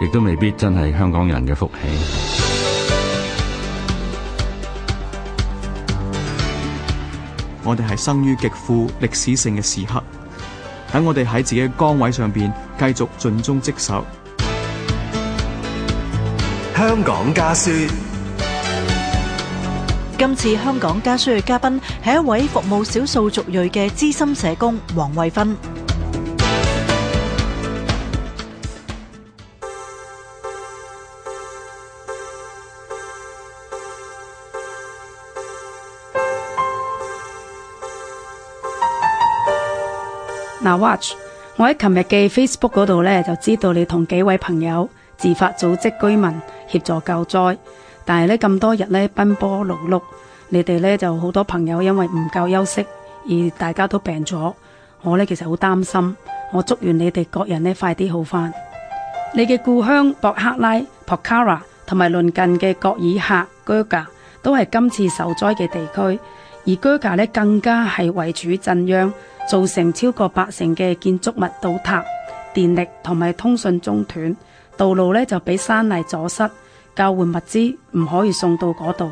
亦都未必真係香港人嘅福氣。我哋係生於極富歷史性嘅時刻，等我哋喺自己嘅崗位上邊繼續盡忠職守。香港家書。今次香港家書嘅嘉賓係一位服務少數族裔嘅資深社工王惠芬。嗱，watch，我喺琴日嘅 Facebook 嗰度咧，就知道你同幾位朋友自發組織居民協助救災，但係咧，咁多日咧奔波勞碌，你哋咧就好多朋友因為唔夠休息，而大家都病咗。我咧其實好擔心，我祝願你哋各人呢快啲好翻。你嘅故鄉博克拉 Pokhara 同埋鄰近嘅戈爾克 Gorkha 都係今次受災嘅地區，而戈爾克咧更加係位處震央。造成超過八成嘅建築物倒塌，電力同埋通訊中斷，道路呢就俾山泥阻塞，救援物資唔可以送到嗰度。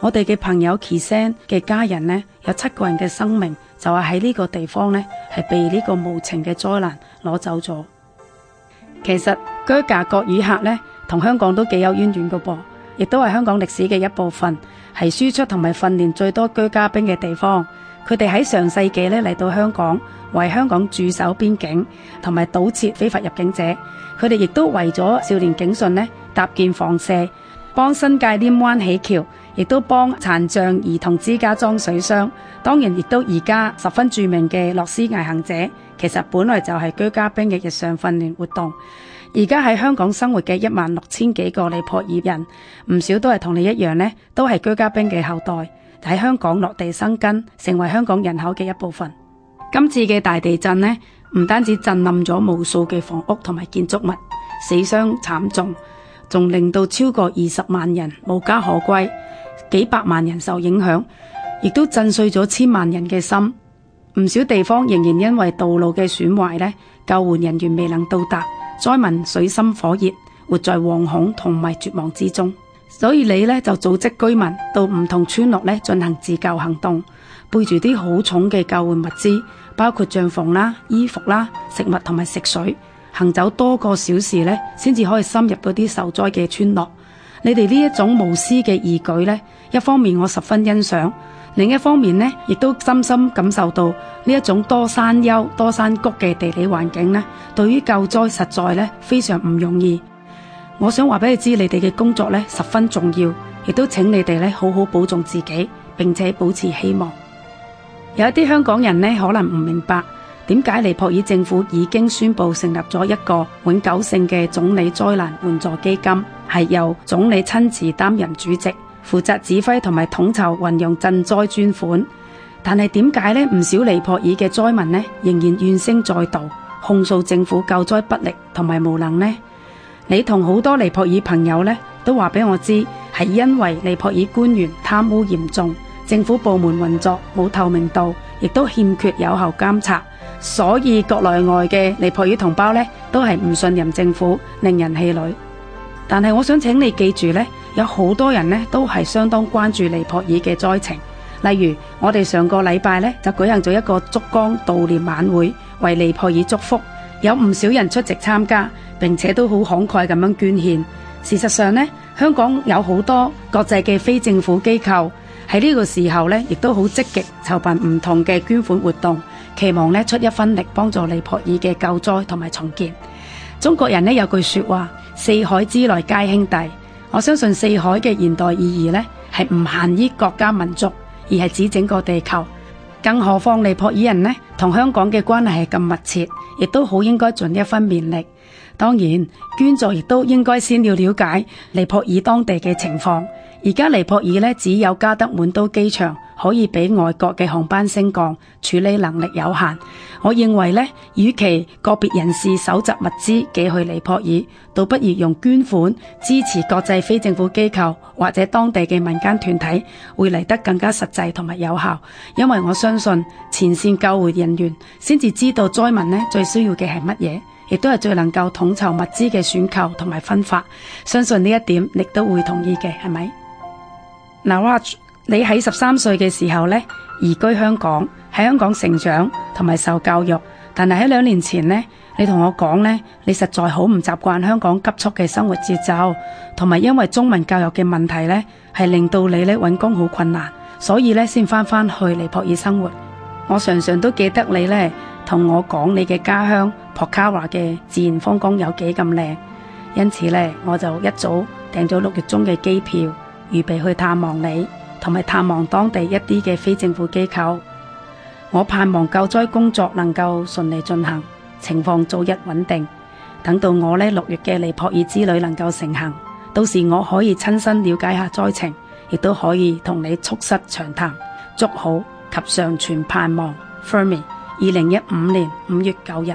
我哋嘅朋友 Kisan 嘅家人呢，有七個人嘅生命就係喺呢個地方呢，係被呢個無情嘅災難攞走咗。其實居家國與客呢，同香港都幾有淵源嘅噃，亦都係香港歷史嘅一部分，係輸出同埋訓練最多居家兵嘅地方。佢哋喺上世紀呢嚟到香港，為香港駐守邊境同埋堵截非法入境者。佢哋亦都為咗少年警訊呢搭建房舍，幫新界黏灣起橋，亦都幫殘障兒童之家裝水箱。當然，亦都而家十分著名嘅樂施毅行者，其實本來就係啹喀兵嘅日常訓練活動。而家喺香港生活嘅一萬六千幾個尼泊爾人，唔少都係同你一樣呢，都係啹喀兵嘅後代。喺香港落地生根，成為香港人口嘅一部分。所以你咧就組織居民到唔同村落咧進行自救行動，背住啲好重嘅救援物資，包括帳篷啦、衣服啦、食物同埋食水，行走多個小時咧，先至可以深入到啲受災嘅村落。你哋呢一種無私嘅義舉咧，一方面我十分欣賞，另一方面呢，亦都深深感受到呢一種多山丘、多山谷嘅地理環境呢，對於救災實在咧，非常唔容易。我想話俾你知，你哋嘅工作呢，十分重要，亦都請你哋呢，好好保重自己，並且保持希望。有一啲香港人呢，可能唔明白，點解尼泊爾政府已經宣布成立咗一個永久性嘅總理災難援助基金，係由總理親自擔任主席，負責指揮同埋統籌運用賑災專款。但係點解呢，唔少尼泊爾嘅災民呢仍然怨聲載道，控訴政府救災不力同埋無能呢？你同好多尼泊爾朋友呢都話俾我知，係因為尼泊爾官員貪污嚴重，政府部門運作冇透明度，亦都欠缺有效監察，所以國內外嘅尼泊爾同胞呢都係唔信任政府，令人氣餒。但係我想請你記住呢有好多人呢都係相當關注尼泊爾嘅災情，例如我哋上個禮拜呢就舉行咗一個燭光悼念晚會，為尼泊爾祝福。有唔少人出席參加，並且都好慷慨咁樣捐獻。事實上咧，香港有好多國際嘅非政府機構喺呢個時候咧，亦都好積極籌辦唔同嘅捐款活動，期望咧出一分力幫助尼泊爾嘅救災同埋重建。中國人咧有句說話，四海之內皆兄弟。我相信四海嘅現代意義咧係唔限於國家民族，而係指整個地球。更何況尼泊爾人咧？同香港嘅關係係咁密切，亦都好應該盡一分綿力。當然，捐助亦都應該先要了解尼泊爾當地嘅情況。而家尼泊爾呢，只有加德滿都機場可以俾外國嘅航班升降，處理能力有限。我認為呢，與其個別人士搜集物資寄去尼泊爾，倒不如用捐款支持國際非政府機構或者當地嘅民間團體，會嚟得更加實際同埋有效。因為我相信前線救援人員先至知道災民呢最需要嘅係乜嘢。亦都係最能夠統籌物資嘅選購同埋分發，相信呢一點你都會同意嘅，係咪？嗱，你喺十三歲嘅時候呢，移居香港，喺香港成長同埋受教育，但係喺兩年前呢，你同我講呢，你實在好唔習慣香港急速嘅生活節奏，同埋因為中文教育嘅問題呢，係令到你呢搵工好困難，所以呢，先翻返去尼泊爾生活。我常常都記得你呢。同我講你嘅家鄉珀卡華嘅自然風光有幾咁靚，因此呢，我就一早訂咗六月中嘅機票，預備去探望你，同埋探望當地一啲嘅非政府機構。我盼望救災工作能夠順利進行，情況早日穩定。等到我呢六月嘅尼泊爾之旅能夠成行，到時我可以親身了解下災情，亦都可以同你促膝長談。祝好及上傳盼望，Fermi。二零一五年五月九日。